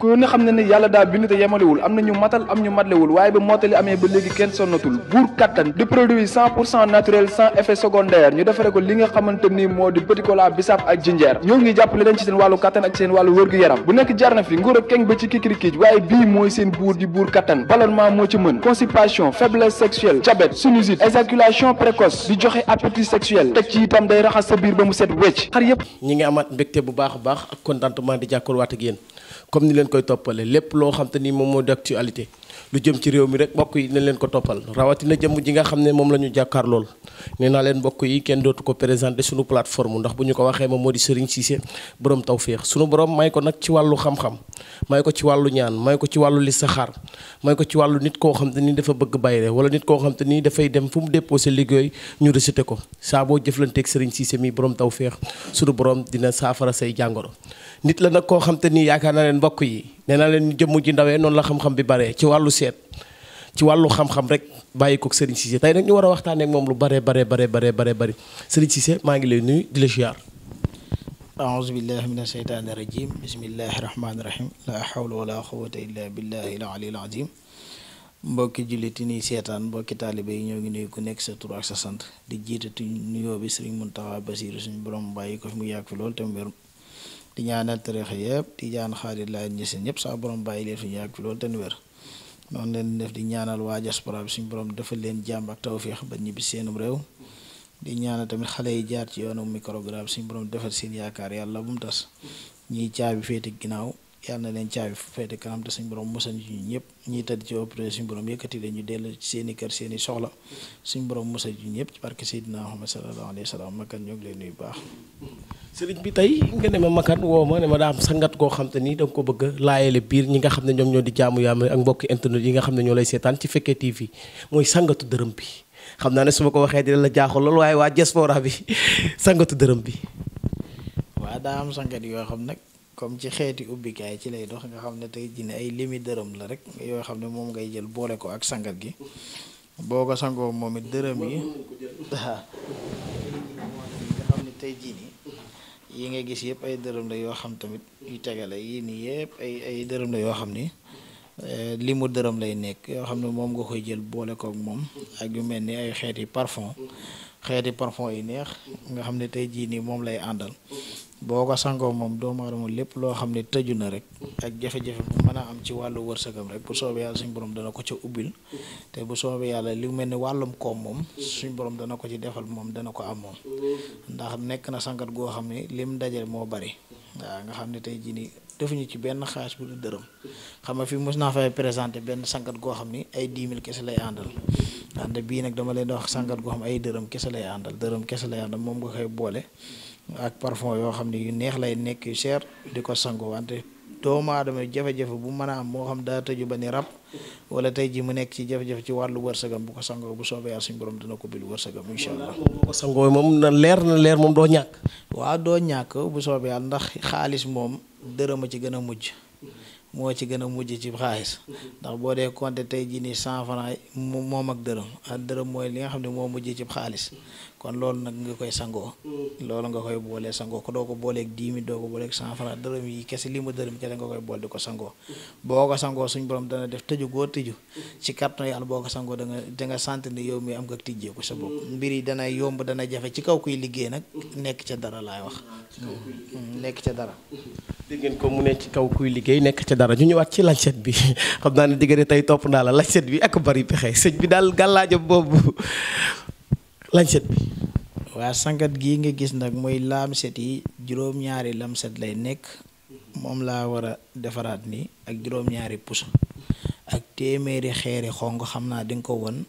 ku ne xam ne ni yàlla daa bind te yemalewul am na ñu matal am ñu matlewul waaye ba mottali amee ba léegi kenn sonnatul buur kattan di produit cent pour cent naturel sans effet secondaire ñu defare ko li nga xamante ni moo di petit cola bisaab ak jinjeer ñoo ngi jàppale leen ci seen wàllu kattan ak seen wàllu wërgu yaram bu nekk jarna fi nguur ak keng ba ci kikirikiij waaye bii mooy seen buur di buur kattan ballonnement moo ci mën constipation faiblesse sexuelle précoce di joxe appétit sexuel teg ci itam day raxas sa biir ba mu set wecc yëpp ñi ngi amaat mbégte bu baax a baax ak contentement di jàkkool waat ak yéen comme ni leen koy toppale lépp loo xam ni moom moo di actualité lu jëm ci réew mi rek mbokk yi nañ leen ko toppal rawatina jëmm ji nga xam ne moom la ñu jàkkaar lool nee naa leen bokk yi kenn dootu ko présenté suñu plateforme ndax bu ñu ko waxee moom moo di Serigne Cissé borom tawféex suñu borom may ko nag ci wàllu xam-xam ko ci wàllu ñaan may ko ci wàllu listaxaar may ko ci wàllu nit koo xam te ni dafa bëgg bayre wala nit koo xam te ni dafay dem fu mu déposé liggéey ñu recité ko saa boo jëflanteeg Serigne Cissé mi borom tawféex suñu borom dina saafara say jàngoro nit la nag koo xam te ni yaakaar naa leen mbokk yi nee leen jëmm ji ndawee noonu la xam-xam bi bare ci wàllu seet ci wàllu xam-xam rek bàyyi ko Serigne Cissé tey nag ñu war a waxtaanee moom lu bare bare bare bare bare bëri Serigne maa ngi lay nuyu di la ziar. aouzu billahi min asheytaani rajim bismillahi rahmaani rahim la hawla wala quwwata illa billahi al aliyyil azim mbokki jullit yi nuy seetaan mbokki taalibe yi ñoo ngi nuyu ku nekk sa tur ak sa sant di jiitati nuyoo bi Serigne Mountakha Bassirou suñu borom bàyyi ko fi mu yàgg fi loolu tam wérum di ñaanal tarixa yëpp tijaan xaadir laay ñesin ñëpp saa borom bàyyi leen fi ñu yàgg fi loolu te nu wér noonu leen def di ñaanal waa diaspora bi suñu borom dafa leen jàmm ak tawféex ba ñibbi seenum réew di ñaanal tamit xale yi jaar ci yoonu microgramme suñu borom defal seen yaakaar yàlla bu mu tas ñiy caabi féete ginnaaw yàlla na leen caabi fu féete kanam te suñ borom musal ñu ñëpp ñiy tëdd ci opéré suñ borom yëkkati wa sallam da nga a laajale biir ñi nga xam ne TV mooy sangatu dërëm bi xam naa ne su ma ko waxee dina la jaaxul lool waaye waa diaspora bi sangatu dërëm bi. waaw daa am sangat yoo xam nag comme ci xeeti ubbikaay ci lay dox nga xam ne tey jii ne ay limi dërëm la rek yoo xam ne moom ngay jël boole ko ak sangar gi boo ko sangoo moom it dërëm yi nga tey jii yi nga gis yëpp ay dërëm la yoo xam tamit yu tegale yii nii yëpp ay ay dërëm yoo xam ni eh, li mu dërëm lay nekk yoo xam ne moom nga koy jël boole ko ak moom ak yu mel ni ay xeeti parfum xeeti parfum yi neex nga xam ne tey jii nii moom lay àndal boo ko sangoo moom doomu aadama lépp loo xam ne tëju na rek ak jafe-jafe bu mën a am ci wàllu wërsëgam rek bu soobee yàlla suñ borom dana ko ca ubbil te bu soobee yàlla li mel ni wàllum koom moom suñ borom dana ko ci defal moom dana ko am moom ndax nekk na sangat goo xam ne lim dajale moo bari waaw nga xam ne tey jii nii defuñu ci benn xaalis bu du dërëm xam nga fi mos naa fay présenté benn sangat goo xam ni ay dix mille kese lay àndal. ànd bii nag dama leen di wax sàngat goo xam ay dërëm kese lay àndal dërëm kese lay àndal moom nga koy boole ak parfum yoo xam ne yu neex lay nekk yu cher di ko sangu wante doomu aadama jafe-jafe bu mën a am moo xam daa tëju ba ni rab wala tey ji mu nekk ci jafe-jafe ci wàllu wërsëgam bu ko sangoo bu soobee yàlla suñu borom dina ko bil wërsëgam incha allah bu ko moom na leer na leer moom doo ñàkk waaw doo ñàkk bu soobee yàlla ndax xaalis moom dërëm a ci gën a mujj moo ci gën a mujj cib xaalis ndax boo dee compter tey jii nii cent franc moom ak dërëm ak dërëm mooy li nga xam ne moo mujj cib xaalis kon loolu nag nga koy sangoo loolu nga koy boolee sangoo ko doo ko booleeg dix mille doo ko booleeg cent franc dërëm yi kese li mu dërëm kese nga koy bool di ko sangoo boo ko sangoo suñ borom dana def tëju goo tëju ci kàttan yàlla boo ko sangoo da nga da nga sant ne yow mi am nga tijjee ko sa bopp mbir yi dana yomb dana jafe ci kaw kuy liggéey nag nekk ca dara laay wax nekk ca dara dégg ngeen ko mu ne ci kaw kuy liggéey nekk ca dara ñu ñëwaat ci lancet bi xam naa ne diggante tey topp naa la lancet bi ak bari pexe sëñ bi daal gàllaajo boobu lañset bi waa sangat gii nga gis nag mooy laamset yi juróom-ñaari lamset lay nekk moom laa war a defaraat ni ak juróom-ñaari pusa ak téeméeri xeeri xong xam naa di ko won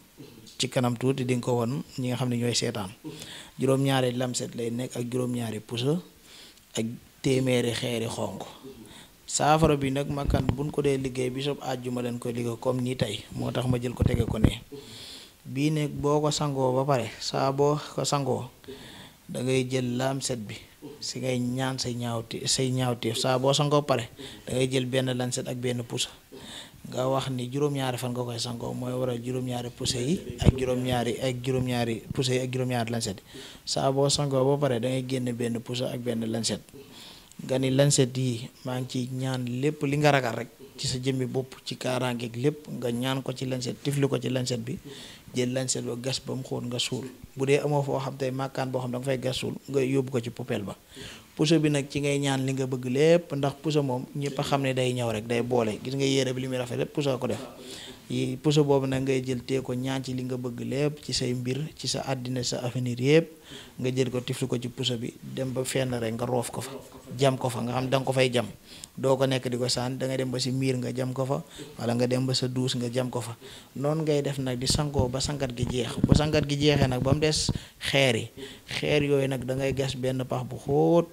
ci kanam tuuti di ko won ñi nga xam ne ñooy seetaan juróom-ñaari lamset lay nekk ak juróom-ñaari pusa ak téeméeri xeeri xong saafara bi nag makan buñ ko dee liggéey bi bisub àjjuma leen koy liggéey comme nii tey moo tax ma jël ko tege ko ne bii néeg boo ko sangoo ba pare saa boo ko sangoo da ngay jël laam set bi si ngay ñaan say ñaawti say ñaawteef saa boo sangoo pare da ngay jël benn lanset ak benn pusa nga wax ni juróom-ñaari sangoo mooy waral juróom-ñaari yi ak juróom-ñaari ak juróom-ñaari pusa yi ak juróom-ñaari lanset yi saa boo sangoo ba pare dangay génn benn pusa ak benn lanset nga ni lanset yi maa ngi ciy ñaan lépp li nga ragal rek ci sa jëmmi bopp ci kaaraangeeg lépp nga ñaan ko ci lanset tifli ko ci lanset bi jël lancet ba gas ba mu xóot nga suul bu dee amoo foo xam tey màkkaan boo xam da nga fay gas suul nga yóbbu ko ci poubelle ba puso bi nag ci ngay ñaan li nga bëgg lépp ndax puso moom ñëpp a xam ne day ñaw rek day boole gis nga yére bi li muy rafet lépp puso ko def yi puso boobu nag ngay jël tee ko ñaan ci li nga bëgg lépp ci say mbir ci sa àddina sa avenir yëpp nga jël ko tiflu ko ci puso bi dem ba fenn rek nga roof ko fa jam ko fa nga xam da nga ko fay jam doo ko nekk di ko sànni da dem ba si miir nga jam ko fa wala nga dem ba sa duus nga jam ko fa noonu ngay def nag di sangoo ba sangat gi jeex ba sangat gi jeexee nag ba mu des xeer yi xeer yooyu nag da ngay gas benn pax bu xóot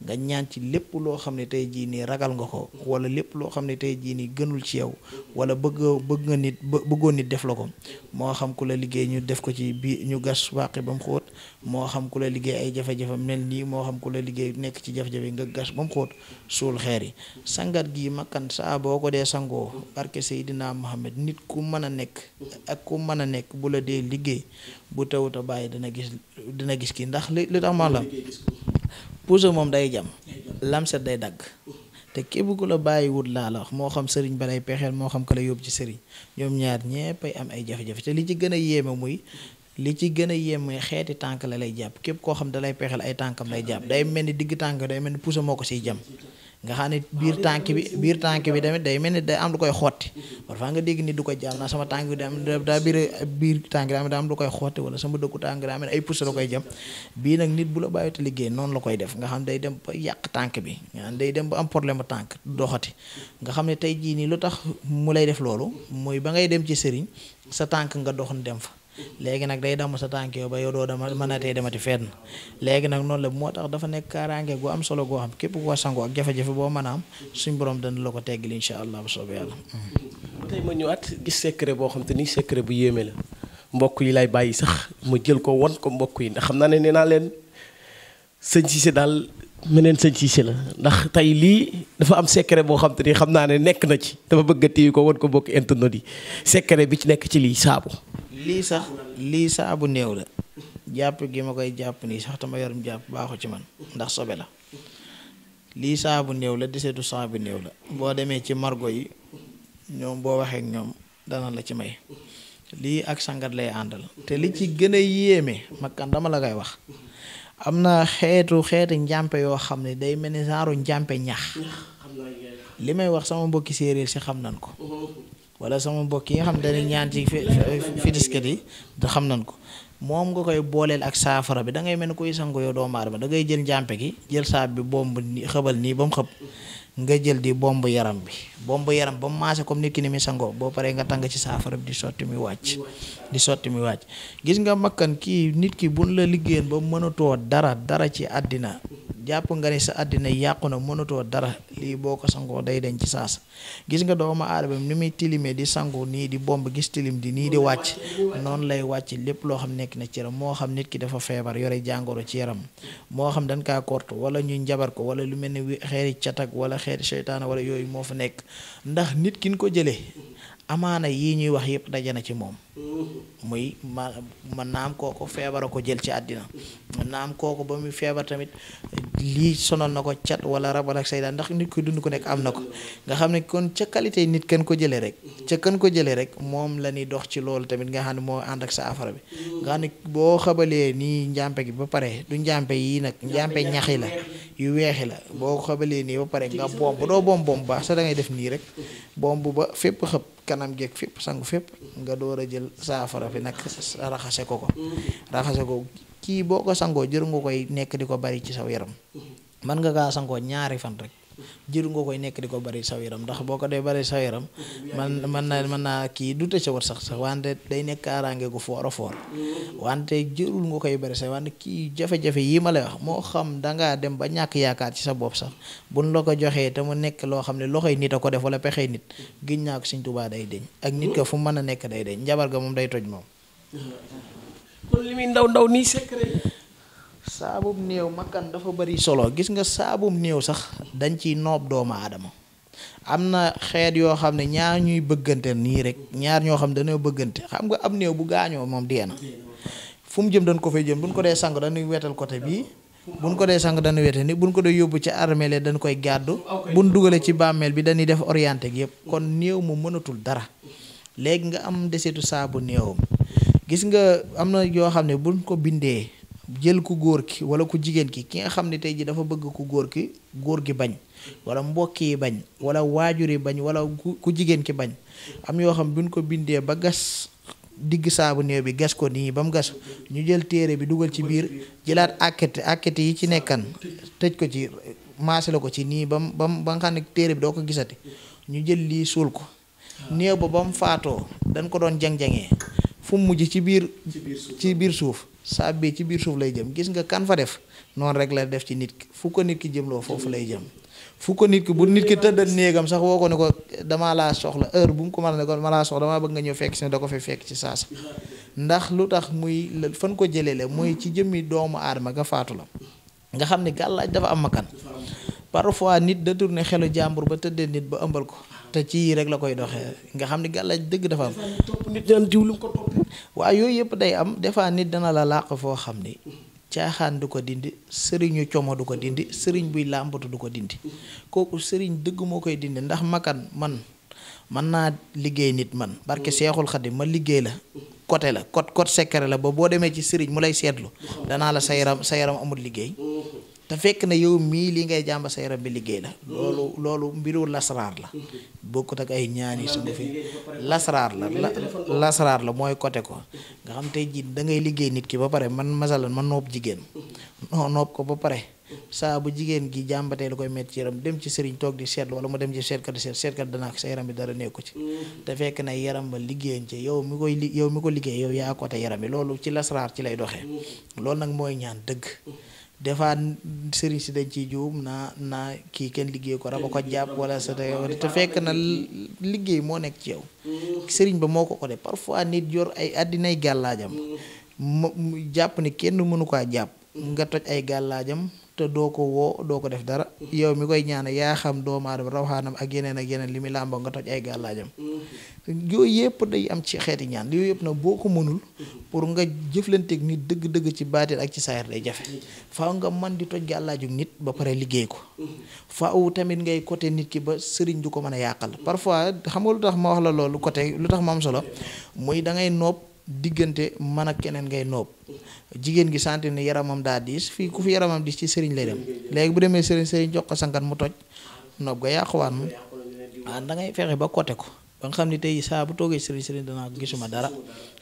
nga ñaan ci lépp loo xam ne tey jii nii ragal nga ko wala lépp loo xam ne tey jii nii gënul ci yow wala bëgg bëgg nga nit bëggoon nit def la ko moo xam ku la liggéey ñu def ko ci bi ñu gas wàqi ba mu moo xam ku la liggéey ay jafe-jafe mel nii moo xam ku la liggéey nekk ci jafe-jafe nga gas ba mu xóot suul xeer yi sangat gi makkan saa boo ko dee sangoo barke Seydina Mohamed nit ku mën a nekk ak ku mën a nekk bu la dee liggéey bu tawut a bàyyi dina gis dina gis kii ndax li li tax ma puso moom day jam lamset day dagg te képp ku la bàyyiwut laa la wax moo xam sëriñ ba lay pexeel moo xam ko la yóbbu ci sëriñ ñoom ñaar ñépp am ay jafe-jafe te li ci gën a yéeme muy li ci gën a yéeme xeeti tànk la lay jàpp képp koo xam dalay pexeel ay tànkam lay jàpp day mel ni digg tànk day mel ni puso moo ko siy jam nga xam ne biir tànk bi biir tànk bi tamit day mel ni day am lu koy xotti parfois nga dégg ni du ko jàmm naa sama tànk bi da daa biir biir tànk bi am lu koy xotti wala sama dëkku tànk daa mel ni ay pousse la koy jëm bii nag nit bu la bàyyi te liggéey noonu la koy def nga xam ne day dem ba yàq tànk bi nga xam day dem ba am problème bu tànk doxati nga xam ne tey jii nii lu tax mu lay def loolu mooy ba ngay dem ci sëriñ sa tànk nga doxoon dem fa léegi nag day damm sa tànk yow ba yow doo dama mënatee demati fenn léegi nag noonu la moo tax dafa nekk kaaraange gu am solo goo xam képp koo sangu ak jafe-jafe boo mën a am suñ borom dana la ko teggil incha allah bu soobee yàlla. tey ma ñëwaat gis secret boo xam te ni secret bu yéeme la mbokk yi lay bàyyi sax ma jël ko won ko mbokk yi ndax xam naa ne nee naa leen sëñ si daal. meneen sëñ Cissé la ndax tey lii dafa am secret boo xam te ni xam naa ne nekk na ci dafa bëgg a téye ko wan ko bokk internet yi secret bi ci nekk ci lii saabu. lii sax lii saabu néew la. jàpp gi ma koy jàpp nii sax dama yorum jàpp baaxu ci man ndax sobe la lii saabu néew la desetu saabu néew la. boo demee ci margo yi ñoom boo waxee ñoom dana la ci may lii ak sàngat lay àndal te li ci gën a yéeme makkan dama la koy wax. am na xeetu xeeti njàmpe yoo xam ne day mel ni genre njàmpe ñax li may wax sama mbokki séeréer si xam nañ ko wala sama mbokk yi nga xam ne ñaan ci fitiskat yi te xam nañ ko moom nga koy booleel ak saafara bi da ngay mel ni kuy sangu yow doomu aadama da ngay jël njàmpe gi jël saab bi bomb xëbal nii ba mu xëb nga jël di bomb yaram bi bomb yaram ba mu maase comme ni ki ni sangoo boo paree nga tàng ci saafara bi di sotti muy wàcc di sotti muy wàcc gis nga makkan kii nit ki buñ la liggéeyan ba mënatoo dara dara ci àddina jàpp nga ni sa àddina yàqu na mënatoo dara lii boo ko sangoo day deñ ci saasa gis nga doomu aadama ni muy tilimee di sangu nii di bomb gis tilim di nii di wàcc noonu lay wàcc lépp loo xam nekk na ci yaram moo xam nit ki dafa feebar yore jàngoro ci yaram moo xam dañ kaa kort wala ñuy njabar ko wala lu mel ni xeeri catak wala xeeri seytaane wala yooyu moo fa nekk ndax nit ki ñu ko jëlee amaana yii ñuy wax yëpp daje na ci moom muy ma man naam kooku feebar ko jël ci àddina man naam kooku ba muy feebar tamit lii sonal na ko cat wala rabal ak sayda ndax nit ko dund ko nekk am na ko nga xam ne kon ca qualité nit kan ko jëlee rek ca kan ko jëlee rek moom la ñuy dox ci loolu tamit nga xam ne moo ànd ak sa afara bi nga boo xabalee nii njàmpe gi ba pare du njàmpe yii nag njàmpe ñax yi la yu weexi la boo xabalee nii ba pare nga bomb doo bomb baax sa da def nii rek bomb ba fépp xëpp kanam geeg fépp sangu fépp nga door a jël saafara bi nag raxase ko ko raxase ko kii boo ko sangoo jër nga koy nekk di ko bari ci saw yaram mën nga kaa sangoo ñaari fan rek jëru nga koy nekk di ko bari saw ndax boo ko dee bari saw yaram man man na mën naa kii du tëj sa war sax sax wante day nekk kaaraange gu foor a foor wante jërul nga koy bari sax wante kii jafe-jafe yi ma lay wax moo xam dangaa dem ba ñàkk yaakaar ci sa bopp sax bu buñ la ko joxee te mu nekk loo xam ne loxoy nit a ko def wala pexey nit giñ naa ko Sëñ Tuubaa day deñ ak nit ka fu mën a nekk day deñ njabar ga moom day toj moom saabum néew makkan dafa bari solo gis nga saabum néew sax dañ ciy noob doomu aadama am na xeet yoo xam ne ñaar ñuy bëggante nii rek ñaar ñoo xam ne dañoo bëggante xam nga am néew bu gaañoo moom dee fu mu jëm dañ ko fay jëm buñ ko dee sang dañuy wetal côté bii buñ ko dee sang dañuy wete ni buñ ko dee yóbbu ci armeel dañ koy gàddu buñ dugalee ci bàmmeel bi dañuy def orienté gi yëpp kon néew mu mënatul dara léegi nga am desetu saabu néewam gis nga am na yoo xam ne buñ ko bindee jël ku góor ki wala ku jigéen ki ki nga xam ne tey ji dafa bëgg ku góor ki góor gi bañ wala mbokk yi bañ wala waajur yi bañ wala ku jigéen ki bañ am yoo xam buñ ko bindee ba gas digg saabu néew bi gas ko nii ba mu gas ñu jël téere bi dugal ci biir jëlaat àkkati àkkati yi ci nekkan tëj ko ci maase la ko ci nii bam bam ba nga xam ne téere bi doo ko gisati ñu jël lii suul ko néew ba bam faatoo dañ ko doon jang-jangee fu mujj ci biir ci biir suuf saab bi ci biir suuf lay jëm gis nga kan fa def noonu rek la def ci nit ki fu ko nit ki jëmloo foofu lay jëm fu ko nit ki bu nit ki tëddal néegam sax woo ko ne ko damaa laa soxla heure bu mu ko mën ne ko ma laa soxla damaa bëgg nga ñëw fekk si ne da ko fay fekk ci saasa ndax lu tax muy fan ko jëlee le mooy ci jëmmi doomu aadama nga faatu la nga xam ne gàllaaj dafa am makan parfois nit détourné xelu jàmbur ba tëddee nit ba ëmbal ko te ci yii rek la koy doxee nga xam ni gàllaaj dëgg dafa am. nit daan ko toppee. yooyu yëpp day am des fois nit dana la làq foo xam ni caaxaan du ko dindi sëriñu como du ko dindi sëriñ buy làmbatu du ko dindi kooku sëriñ dëgg moo koy dindi ndax makan man mën naa liggéey nit man. barke Seexul Xadim ma liggéey la. côté la code code secret la ba boo demee ci sëriñ mu lay seetlu. danaa la sa yaram sa yaram amul liggéey. te fekk na yow mii li ngay jàmba say rab bi liggéey la loolu loolu mbiru lasraar la bokkut ak ay ñaan yi su fi lasraar la lasraar la mooy côté ko nga xam tey ji da ngay liggéey nit ki ba pare man masalan man noob jigéen noo noob ko ba pare saa bu jigéen gi jàmbatee lu koy metti ci yaram dem ci sëriñ toog di seetlu wala mu dem ci seetkat di seet seetkat danaa sa yaram bi dara nekku ci te fekk na yaram ba liggéeyam ci yow mi koy yow mi ko liggéey yow yaa côté yaram bi loolu ci lasraar ci lay doxee loolu nag mooy ñaan dëgg des fois sëriñ si dañ ciy juum naa naa kii kenn liggéey ko raba ko jàpp wala sa te fekk na liggéey moo nekk ci yow mmh. sëriñ ba moo ko ko def parfois nit yor ay àddinay gàllaajam mmh. mu jàpp ni kenn mënu kaa jàpp mmh. nga toj ay gàllaajam te doo ko woo doo ko def dara yow mi koy ñaan yaa xam doomu aadama rawaxaanam ak yeneen ak yeneen li muy làmboo nga toj ay gàllaajam mm-hmm. yooyu yëpp day am ci xeeti ñaan yooyu yëpp nag boo ko mënul mm-hmm. pour nga jëflanteeg nit dëgg-dëgg ci baatin ak ci saayir day jafe mm-hmm. faaw nga man di toj gàllaaju nit ba pare liggéey ko faaw tamit ngay côté nit ki ba sëriñ du ko mën a yàqal parfois xam lu tax ma wax la loolu côté lu tax ma am solo muy da nopp diggante man ak keneen ngay noob jigéen gi sentir ne yaramam daa diis fii ku fi yaramam diis ci sëriñ lay dem léegi bu demee sëriñ sëriñ jox ko sangat mu toj noob ga yàquwaat ah, da ngay fexe ba côté ko ba nga xam ne tey saa bu toogee sëriñ sëriñ danaa gisuma dara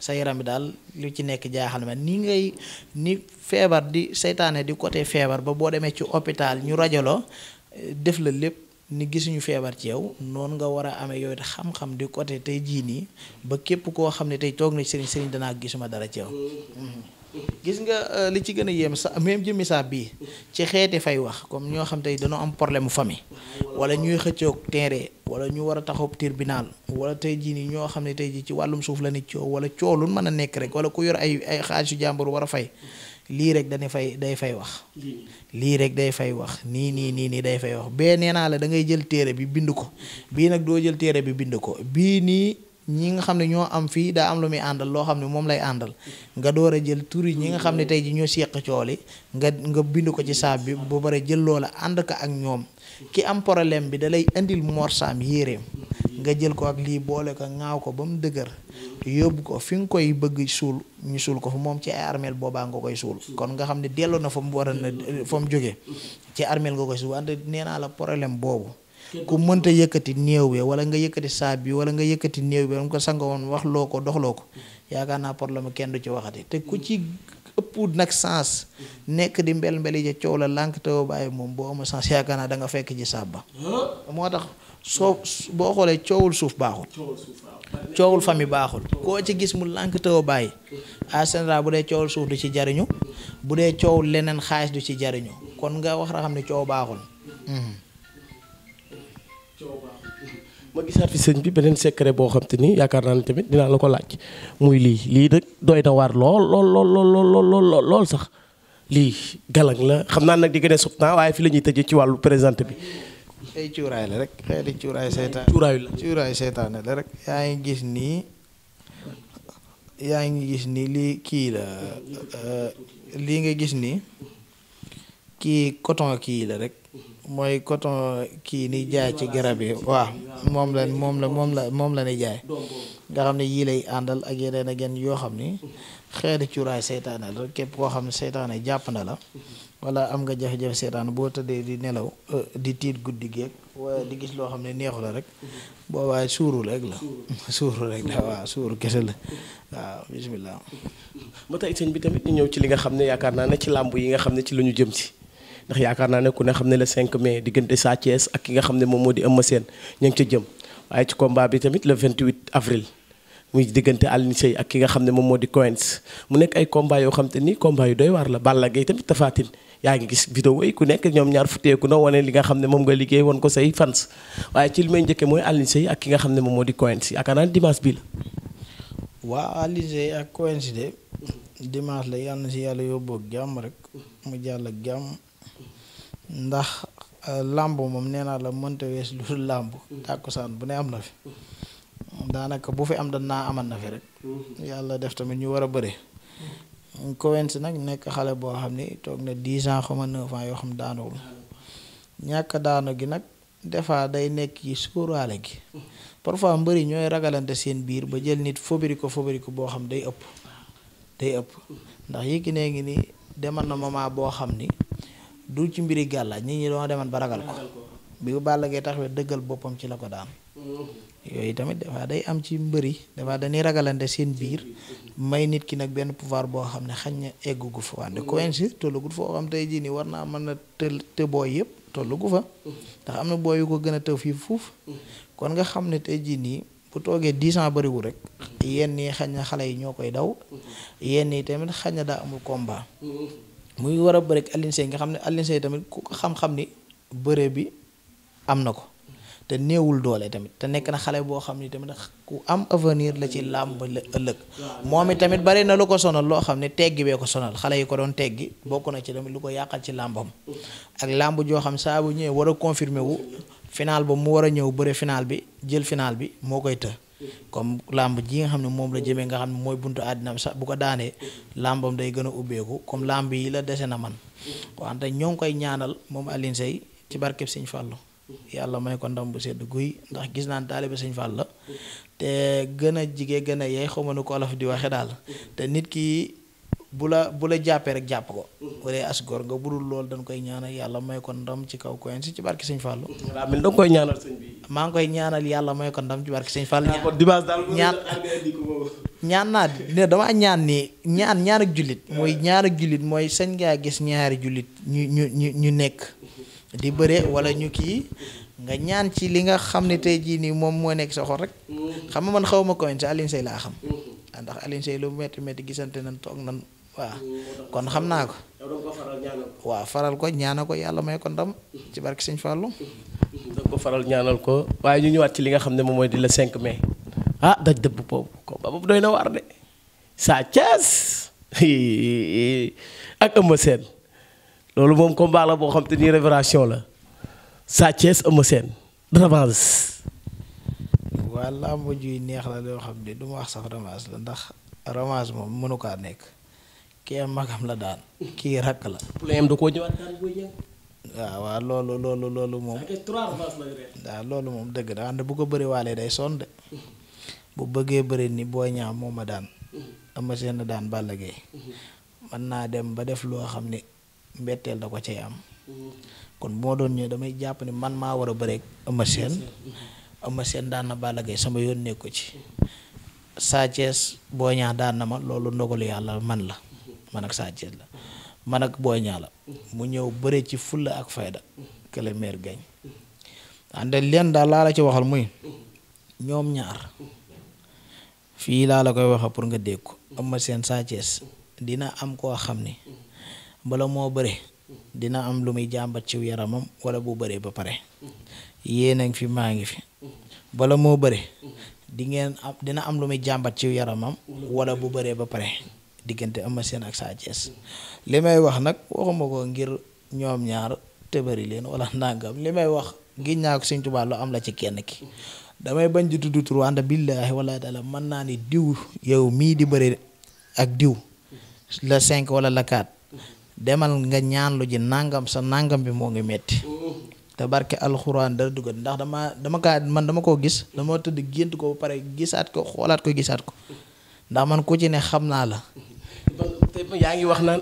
sa yaram bi daal lu ci nekk jaaxal ma ni ngay ni feebar di seytaane di côté feebar ba boo demee ci hôpital ñu rajo la def la lépp. ni gisuñu feebar ci noonu nga war a amee yooyu xam-xam di côté tey jii nii ba képp koo xam ne tey toog na sëriñ sëriñ danaa gisuma dara ci mm-hmm. gis nga euh, li ci gën a yéem sa même jëmmi saa bii ci xeeti fay wax comme ñoo xam tey dañoo am problème mu famille wala ñuy xëccoog teere wala ñu war a taxaw tribunal wala tey jii nii ñoo xam ne tey jii ci wàllum suuf la nit coow wala coow lu mën a nekk rek wala ku yor ay ay xaalisu jàmbur war a fay. lii rek dañu fay day fay wax. lii rek day fay wax nii nii nii nii day fay wax bee neenaa naa la da ngay jël téere bi bind ko bii nag doo jël téere bi bind ko bii nii ñi nga xam ne ñoo am fii daa am lu muy àndal loo xam ne moom lay àndal nga door a jël tur yi ñi nga xam ne tey ji ñoo seq cooli nga nga bind ko ci saab bi ba pare jël loola ànd ko ak ñoom. ki am problème bi dalay indil morsaam yéreem nga jël ko ak lii boole ko ŋaaw ko ba mu dëgër yóbbu ko fi nga koy bëgg suul ñu suul ko fa moom ci ay armeel boobaa nga koy suul kon nga xam ne delloo na fa mu war a na mu jógee ci armeel nga koy suul wante nee naa la problème boobu ku mënta yëkkati néew bi wala nga yëkkati saab bi wala nga yëkkati néew bi wala nga ko sangoon wax loo ko doxloo ko yaakaar naa problème kenn du ci waxati te ku ci ëpp nag sens nekk di mbel mbeli ja coow la lànk te bàyyi moom boo amul sens yaakaar naa danga fekk fekk ji ba moo tax soo boo xoolee coowul suuf baaxul coowul fami baaxul koo ci gis mu lànk te bàyyi asendra bu dee coowul suuf du ci jariñu bu dee coowul leneen xaalis du ci jariñu kon nga wax ra xam ne coow baaxul hmm. ma gisaat fi sëñ bi beneen secret boo xam te ni yaakaar naa ne tamit dinaa la ko laaj muy lii lii nag dooy na waar lool lool lool lool sax lii galang la xam naa nag di gën a sub la ñuy tëjee ci wàllu présenté bi. ay cuuraay la rek xeeti cuuraay seytaan cuuraay la cuuraay seytaane la rek yaa ngi gis nii yaa ngi gis nii lii kii la euh, lii nga gis nii kii coton kii la rek mooy coton kii ni jaay ci garab yi waaw moom la moom la moom la moom la ni jaay nga xam ne yii lay àndal ak yeneen a yenn yoo xam ne xeeti cuuraay seytaane la képp koo xam ne seytaane jàpp na la wala am nga jafe-jafe boo tëddee di nelaw euh, di tiit guddi geeg gis loo xam ne neexu la rek boobaay suuru rek la suuru rek la waaw suuru kese la waaw bisimilah. bi tamit ñu ñëw ci li nga xam ne yaakaar naa ne ci làmb yi nga xam ne ci la ñu jëm si. ndax yaakaar naa ne ku ne xam ne le 5 mai diggante Sa Thiès ak ki nga xam ne moom moo di Eumeu Sène ña ngi ca jëm waaye ci combat bi tamit le 28 avril muy diggante Alioune ak ki nga xam ne moo di Coins mu nekk ay combat yoo xam te ni combat yu doy waar la Balla Gaye tamit Tapha Tine yaa ngi gis vidéo yi ku nekk ñoom ñaar futteeku na wane li nga xam ne moom nga liggéey woon ko say fans waaye ci li may njëkkee mooy Alioune ak ki nga xam ne moom moo di Coins yaakaar naa ne dimanche bii la. waa ak Coins de dimanche la yàlla na si yàlla yóbboo jàmm rek mu jàll ak ndax euh, làmb moom nee naa la mënta wees lu dul làmb mm-hmm. tàkkusaan bu ne am na fi mm-hmm. daanaka bu fi am da naa amal na fi rek mm-hmm. yàlla def tamit ñu war a bëre Quench nag nekk xale boo xam ni toog na dix ans xama neuf ans yoo xam daanuwul ñàkk daanu gi nag des fois day nekk ci sóoraale gi parfois mbëri ñooy ragalante seen biir ba jël nit fobiri ko fobiri ko boo xam day ëpp day ëpp ndax Yékini ngi ni demal na moment boo xam ni du ci mbiri gàllaaj nit ñi doon deman ba ragal ko bi ko Balla Gaye taxawee dëggal boppam ci la ko daan yooyu tamit dafa day am ci mbëri dafa dañuy ragalande seen biir may nit ki nag benn pouvoir boo xam ne xañ na eggu gu fa wante Quench tollugul foo jii nii war naa mën a te booy yëpp tollugu fa ndax am na booy yu gën a tëw fii fuuf kon nga xam ne tey jii nii bu toogee dix ans bëriwul rek yenn yi xañ na xale yi ñoo koy daw yenn yi tamit xañ na daa amul combat muy war a bëre ak Alioune nga xam ne Alioune tamit ku ko xam-xam ni bëre bi am na ko te néewul doole tamit te nekk na xale boo xam ni tamit ku am avenir la ci làmb la ëllëg moom it tamit bari na lu ko sonal loo xam ne teggi bee ko sonal xale yi ko doon teggi bokk na ci tamit lu ko yàqal ci làmbam ak làmb joo xam saa bu ñëwee war a confirmer wu final ba mu war a ñëw bëre final bi jël final bi moo koy të comme làmb ji nga xam ne moom la jëmee nga xam ne mooy buntu àddinaam sax bu ko daanee làmbam day gën a ubbeeku comme làmb yi la dese na man wante ñoo ngi koy ñaanal moom Alioune ci barkeb Sëñ Fàllu yàlla may ko ndam bu sedd guy ndax gis naan taalibe Sëñ Fàll la te gën a jige gën a yey xaw ma nu ko olof di waxe daal te nit ki bu la bu la jàppee rek jàpp ko. bu dee nga budul loolu dañ koy ñaanal yàlla may ko ndam ci kaw koyen ci barki sëñ Fallou. daa koy ñaanal maa ngi koy ñaanal yàlla may ko ndam ci barki sëñ Fallou. ñaan ñaan naa ne damaa ñaan ni ñaan ñaan ak jullit. mooy ñaan ak jullit mooy sañ ngaa gis ñaari jullit ñu ñu ñu ñu nekk. di bëre wala ñu kii. nga ñaan ci li nga xam ne tey jii nii moom moo nekk sa xol rek. Mm-hmm. xam nga man xaw ma Koyens Alioune Seye laa xam. Mm-hmm. ndax Alioune Seye lu metti metti gisante nan toog nan. waaw kon xam naa ko waaw faral ko ñaanal ko yàlla may ko ndam ci barki sëñ Fallou da ko faral ñaanal ko waaye ñu ñëwaat ci li nga xam ne moom mooy di la 5 mai ah daj dëbb boobu combat boobu doy moom combat boo xam te ni révélation la Sa Thiès Eumeu Sène revanche waa làmb juy neex la loo xam ne du wax sax revanche la ndax revanche moom mënu kaa nekk kii magam la daan kii rakk la. problème da koo waaw waaw loolu loolu loolu moom. waaw loolu moom dëgg la ànd bu ko bëri day sonn de. bu bëggee bari ni booy ñaam moo ma daan. ama seen daan Balla Gaye mën naa dem ba def loo xam ne mbetteel da ko cay am. kon bu doon ñëw damay jàpp ne man maa war a bëreeg ama seen. ama daan na Balla Gaye sama yoon nekk ko ci. Sa Thiès booy daan na ma loolu ndogalu yàlla man la. man ak Sa la man ak Boy Niang la mu ñëw bëre ci fulla ak fayda que le maire gagne ande daal laa la ci waxal muy ñoom ñaar fii laa la koy waxe pour nga dégg ko Eumeu seen Sa dina am koo xam ni bala moo bëre dina am lu muy jàmbat ci yaramam wala bu bare ba pare yéen ci yaramam ba pare diggante Eumeu Sène ak Sa Thiès li may wax nag waxuma ko ngir ñoom ñaar tëbëri leen wala nangam li may wax ngir ñaa ko Sëñ Tuubaa lu am la ci kenn ki damay bañ di tudd tur wante billaahi wala mën naa ni diw yow mii di bëri ak diw la cinq wala la demal nga ñaanlu ji nangam sa nangam bi moo ngi metti te barke alxuraan dara ndax dama dama kaa man dama koo gis dama tëdd gént ko ba pare gisaat ko xoolaat ko gisaat ko ndax man ku ci ne xam naa la yaa ngi wax naan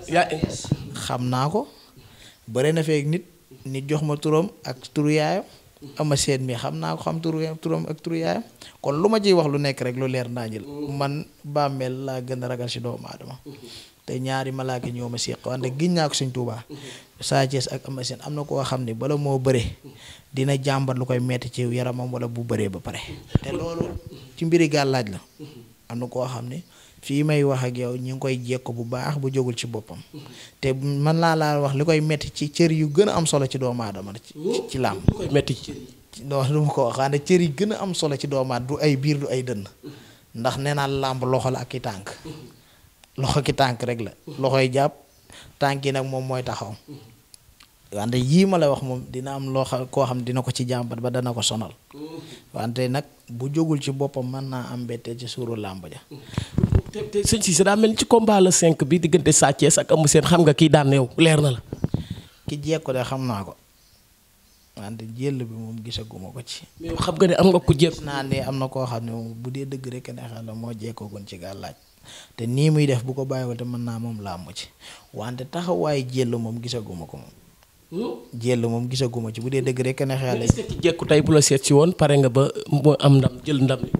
xam naa ko bëri na feek nit nit jox ma turam ak turu yaayam ama seen mi xam naa ko xam turu turam ak turu kon lu ma ciy wax lu nekk rek lu leer ndaañi la man bàmmeel laa gën a ragal ci doomu aadama te ñaari malaaka ñoo ma séq wante giñ naa ko suñ tuubaa Sa Thiès ak ama am na koo xam ne bala moo bëre dina jàmbat lu koy metti ci yaramam wala bu bëree ba pare te loolu ci mbiri gàllaaj la am na koo xam ne fii may wax ak yow ñu ngi koy jekko bu baax bu jógul ci boppam te mën naa laa wax li koy metti ci cër yu gën a am solo ci doomu aadama ci làmb non du ma ko wax cër yi gën a am solo ci doomaat du ay biir du ay dënn ndax nee naa làmb loxo la ak i tànk loxo ki tànk rek la loxoy jàpp tànk nag moom mooy taxaw wante yii ma la wax moom dina am loo koo xam dina ko ci jàmbat ba dana ko sonal mm. wante nag bu jógul ci boppam mën naa am mbetteel ci suuru làmb ja te te sëñ daa mel ni ci combat la 5 bi diggante Sa Thiès ak Eumeu Sène xam nga kii daan yow leer na la. ki jeeg ko de xam naa ko. wante jël bi moom gisaguma ko ci. xam nga ne am nga ku jeeg. gis naa ne am na koo xam ne bu dee dëgg rek ne xam ne moo jekkoogoon ci gàllaaj te nii muy def bu ko bàyyiwul te mën naa moom làmb ci wante taxawaayu jël moom gisaguma ko moom. Hmm? moom gisaguma ci bu dee dëgg rek ne xel. jekku tey bu la seet si woon pare nga ba mu am ndam jël ndam li.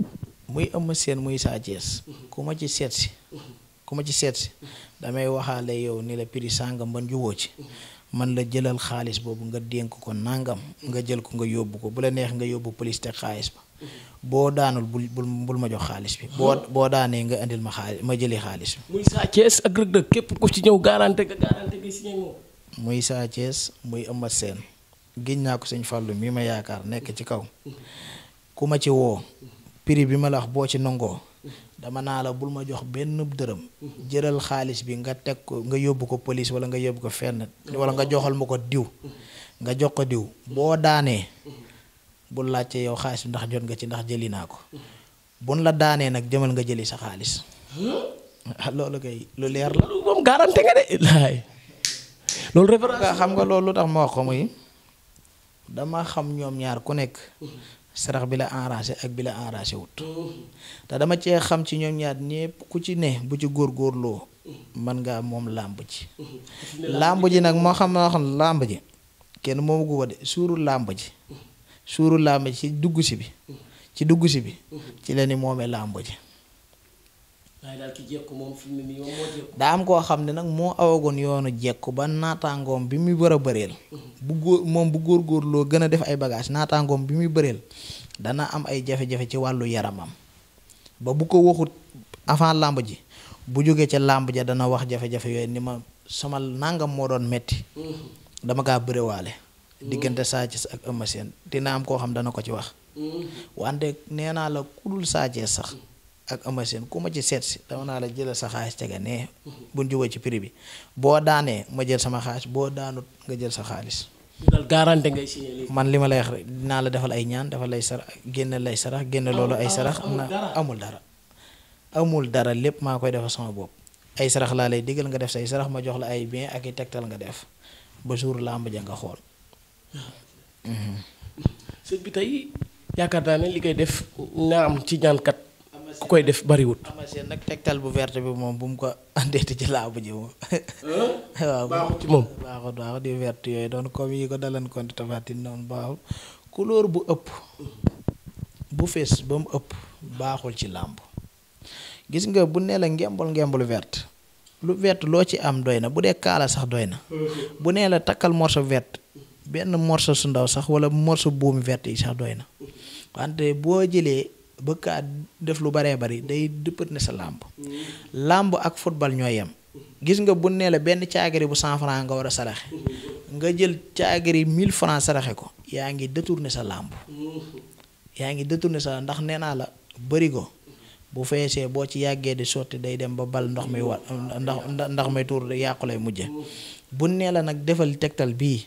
muy Eumeu Sène muy Sa Thiès ku ma ci seet si ku ma ci seet si damay waxaale yow ni la prix sàngam ban juwoo ci man la jëlal xaalis boobu nga dénk ko nangam nga jël ko nga yóbbu ko bu la neex nga yóbbu police xaalis ba boo daanul bul bul ma jox xaalis bi boo daanee nga indil ma xaalis ma jëli xaalis bi muy Sa ak Reug Reug képp ko ci ñëw garanté nga garanté nga signé moom muy Sa muy Eumeu Sène giñ naa ko sëñ Fallou mi ma yaakaar nekk ci kaw prix bi ma la wax boo ci nangoo dama naa la bul ma jox benn dërëm jëral xaalis bi nga teg ko nga yóbbu ko police wala nga yóbbu ko fenn wala nga joxal ma ko diw nga jox ko diw boo daanee bul laajte yow xaalis bi ndax jot nga ci ndax jëli naa ko bun la daanee nag jëmal nga jëli sa xaalis loolu kay lu leer la moom garanti nga de loolu référence nga xam nga loolu tax ma wax ko muy dama xam ñoom ñaar ku nekk sarax bi la arrangé ak bila la arrangé wut te dama cee xam ci ñoom ñaar ñépp ku ci ne bu ci góor góorloo man ngaa moom làmb ji làmb ji nag moo xam moo xam làmb ji kenn moomu gu ko de suuru làmb ji suuru làmb ji ci duggsi si bi ci dugg bi ci la ni moomee làmb ji daal ki jekku moom moo daa am koo xam ne nag moo awagoon yoonu jekku ba naataangoom bi muy war a bëreel. bu góor moom bu loo gën a def ay bagage naataangoom bi muy bëreel dana am ay jafe-jafe ci wàllu yaramam ba bu ko waxut avant làmb ji bu jógee ca làmb ja dana wax jafe-jafe yooyu ni ma sama nangam moo doon metti dama kaa bërewaale. diggante Sa Thiès ak Eumeu Sène dina am koo xam dana ko ci wax. Mm-hmm. wante nee la ku dul sax. ak amaseen ku ma ci seet si dama naa la jëlal sa xaalis tege nee buñ jógee ci prix bi boo daanee ma jël sama xaalis boo daanut nga jël sa xaalis. garanti ngay signé man li ma lay wax rek dinaa la defal ay ñaan defal lay sarax génne lay sarax génne loolu ay sarax na amul dara amul dara lépp maa koy defal sama boob ay sarax laa lay digal nga def say sarax ma jox la ay bien ak i tegtal nga def ba jour làmb ja nga xool ku koy def bariwut. amaseen nag tegtal bu verte bi moom bu mu ko andeeti ci laabu ji moom. waaw baaxut ci moom baaxut baaxut di verte yooyu doon comme yi ko dalan konti tafatin noonu baaxul couleur bu ëpp bu fees ba mu ëpp baaxul ci làmb gis nga bu nee la ngembal ngembal verte lu wert loo ci am doy na bu dee kaala sax doy na bu nee la takkal morso verte benn morso su ndaw sax wala morso buum verte yi sax doy na wante boo jëlee bëgg kaa def lu baree bari day dëppët ne sa làmb mm-hmm. làmb ak football ñoo yem mm-hmm. gis nga bu nee la benn caagari bu cent franc nga war a saraxe mm-hmm. nga jël caagari mille franc saraxe ko yaa ngi dëtur détourné sa làmb yaa ngi détourné sa ndax nee naa la bëri ko bu feesee boo ci yàggee di sotti day dem ba bal ndox mi wa ndax ndax may tuur yàqu lay mujje bu la nag defal tegtal bii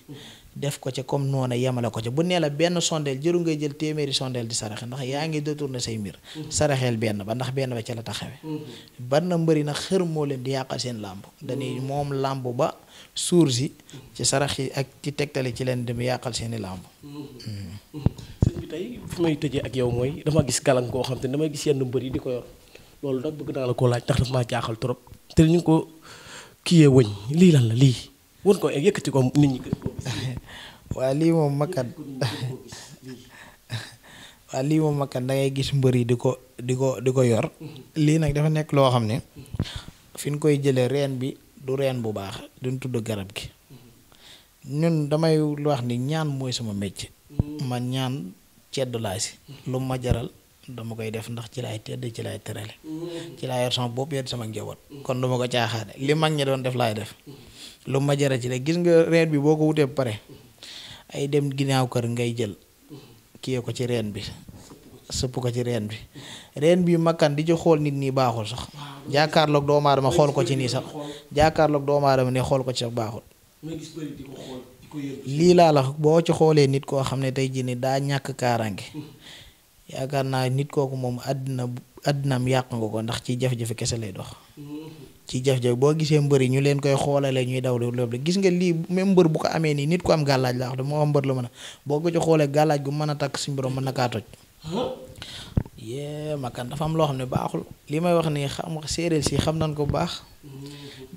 def ko ca comme noona yemale ko ci bu nee la benn sondeel jëru ngay jël téeméeri sondeel di saraxe ndax yaa ngi na say mbir mhm. saraxeel benn ba ndax benn ba ca la taxawe mhm. ban na mbëri nag xër moo leen di yàqal seen làmb dañuy mhm. moom làmb ba suur si ci sarax yi ak ci tegtali ci leen dem yàqal seeni làmb sëñ bi tey ak yow mooy dama gis kalan koo xam te ne damay gis yenn mbër yi di ko yor loolu nag bëgg naa la koo laaj tax dafa maa jaaxal trop te ñu ngi ko kiyee wëñ lii lan la lii won ko yëkkati ko nit ñi waa lii moom makkat waa lii moom makkat da ngay gis mbër yi di ko di ko di ko yor lii nag dafa nekk loo xam ne fi koy jëlee reen bi du reen bu baax duñ tudd garab gi ñun damay wax ni ñaan mooy sama métier ma ñaan cedd laa si lu ma jaral dama koy def ndax ci laay tedd ci laay tërale ci laa yor sama bopp yor sama njaboot kon duma ko caaxaane li mag ñi doon def laay def lu ma jaral ci la gis nga reen bi boo ko wutee pare ay dem ginnaaw kër ngay jël kiye ko ci reen bi sëpp ko ci reen bi reen bi makkan di ci xool nit ñi baaxul sax jàkkaarloog doomu aadama xool ko ci nii sax jàkkaarloog doomu aadama ne xool ko ci sax baaxul lii laa la boo ci xoolee nit koo xam ne tey jii nii daa ñàkk kaaraange yaakaar naa nit kooku moom àddina àddinam yàq nga ko ndax ci jafe-jafe kese lay dox ci jaf-jaf boo gisee mbër yi ñu leen koy xoolale ñuy daw loolu gis nga lii même mbër bu ko amee nii nit ku am gàllaaj laa wax da moo am mbër la mën a boo ko ci xoolee gàllaaj gu mën a takk suñu borom mën na kaa toj yée makan dafa am loo xam ne baaxul li may wax ni xam séeréer si xam nañ ko baax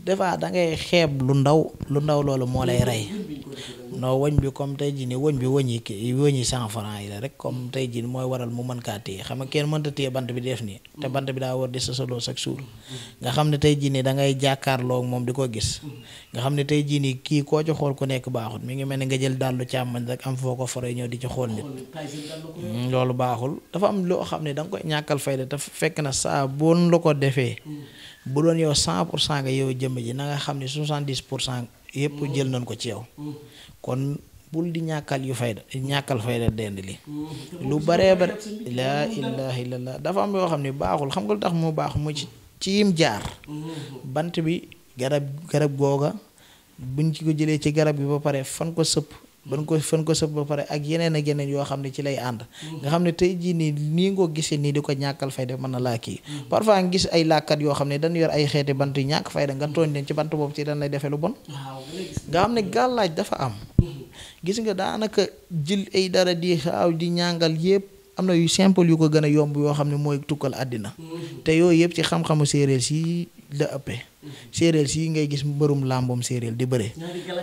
des fois da ngay xeeb lu ndaw lu ndaw loolu moo lay rey non wëñ bi comme tey jii nii wëñ bi wëñ yi kii wëñ yi cent yi la rek comme tey jiin mooy waral mu mën kaa téye xam nga kenn mënta téye bant bi def nii te bant bi daa war di sësaloo chaque jour xam ne tey jii nii da ngay jàkkaarloo moom di ko gis nga xam ne tey jii nii kii koo ci xool ku nekk baaxul mi ngi mel ni nga jël dàllu càmmañ rek am foo ko faree ñëw di ci xool nit hmm, loolu baaxul dafa am loo xam ne da nga koy ñàkkal fayda te fekk na saa boon la ko defee bu doon yow cent pour cent nga yow jëmm ji nanga xam ne soixante dix pour cent yëpp mm. jël nañ ko ci yow mm. kon bul di ñàkkal yu fayda ñàkkal fayda dend li mm. lu baree bare laa ilaha illallah dafa am yoo xam ne baaxul xam nga lu tax mu baax mu ci ci yim jaar bant bi garab garab googa buñ ci ko jëlee ci garab bi ba pare fan ko sëpp ban ko fan ko sëb ba pare ak yeneen a yeneen yoo xam ne ci lay ànd nga xam ne tey jii nii nii nga gisee nii di ko ñàkkal fayda mën na laa kii parfois nga gis ay làkkat yoo xam ne dañu yor ay xeeti bant yu ñàkk fayda nga tooñ leen ci bant boobu ci dañ lay defee lu bon nga xam ne gàllaaj dafa am mm-hmm. gis nga daanaka jël ay dara di xaaw di ñàngal yépp am na yu simple yu ko gën a yomb yoo xam ne mooy tukkal àddina mhm. te yooyu yëpp ci xam-xamu séeréer si la ëppee mhm. séeréer si ngay gis mbërum làmboom séeréer di bëre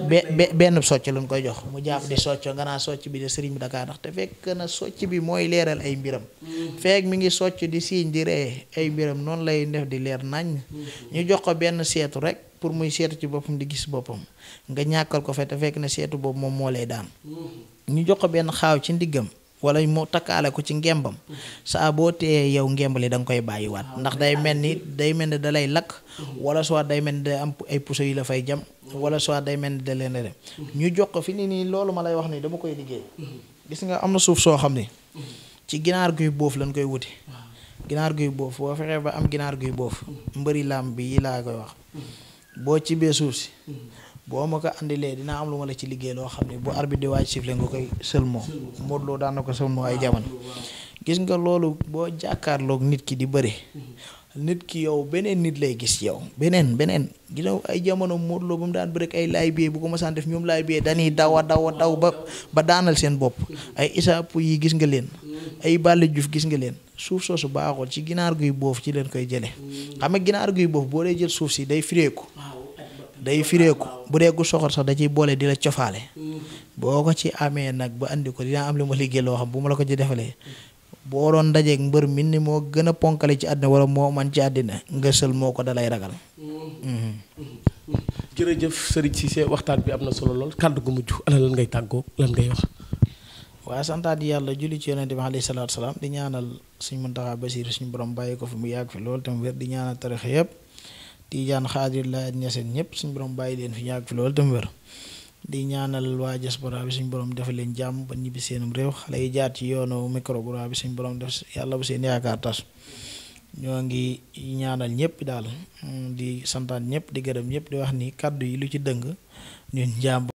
be benn socc lañ koy jox mu jàpp di socc nga naa socc bi de sëriñ bi dakaa ndax te fekk na socc bi mooy leeral ay mbiram mhm. feek mi ngi socc di siiñ di ree ay mbiram noonu lay def di leer nañ ñu jox ko benn seetu rek pour muy seetu ci boppam di gis boppam nga ñàkkal ko fe te fekk na seetu boobu moom moo lay daan ñu jox ko benn xaaw ci ndiggam wala mu takkaale ko ci ngembam saa boo téyee yow ngemb li da nga koy bàyyiwaat ah, ndax day mel ni day mel ni da lay lakk wala soit day mel ni day am ay puso yu la fay jam wala soit day mel ni da leen ñu jox ko fi ni nii loolu ma lay wax nii dama koy liggéey gis nga am na suuf soo xam ni ci ginaar guy boof lañ koy wuti ginaar guy boof boo fexee ba am ginaar guy boof mbëri làmb bi yi laa koy wax boo ci suuf si boo ma ko andilee dinaa am lu ma la ci liggéey loo xam ne bu arbitre di waaj sifflé ko koy sëlmoo Modou Lo daan na ko sëlmoo ay jamono gis nga loolu boo jàkkaarloog nit ki di bëri nit ki yow beneen nit lay gis yow beneen beneen ginnaaw ay jamono Modou Lo ba mu ay laay bu ko def ñoom laay biyee dañuy daw a daw a daw ba ba daanal seen bopp ay isaap yi gis nga leen ay bàll juuf gis nga leen suuf soosu baaxool ci ginaar guy boof ci leen koy jëlee xam nga ginaar guy boof boo dee jël suuf si day ko day fireeku bu dee ku soxor sax da ciy boole di la cofaale boo ko ci amee nag ba andi ko dinaa am li ma liggéey loo xam bu ma la ko ci defalee boo doon dajeeg mbër mi ni moo gën a ponkale ci àddina wala moo man ci àddina nga sël moo ko dalay ragal. Mhm. jërëjëf Serigne Cissé waxtaan bi am na solo lool kàddu gu mujj ala lan ngay tàggoo lan ngay wax. waaw santaat yàlla julli ci yonente bi alayhi salaatu salaam di ñaanal suñ Muntaxa Basiir suñu borom bàyyi ko fi mu yàgg fi lool tam wér di ñaanal tarixa yëpp. Tiijaan Xaadir Laayeen Ñaseen ñëpp suñ borom bàyyi leen fi ñaag fi loolu tam wér di ñaanal waa diaspora bi suñu borom defal leen jàmm ba ñibbi seenum réew xale yi jaar ci yoonu microgora bi suñu borom def yàlla bu seen yaakaar tas ñoo ngi ñaanal ñëpp daal di santaan ñëpp di gërëm ñëpp di wax ni kàddu yi lu ci dëng ñun jàmm.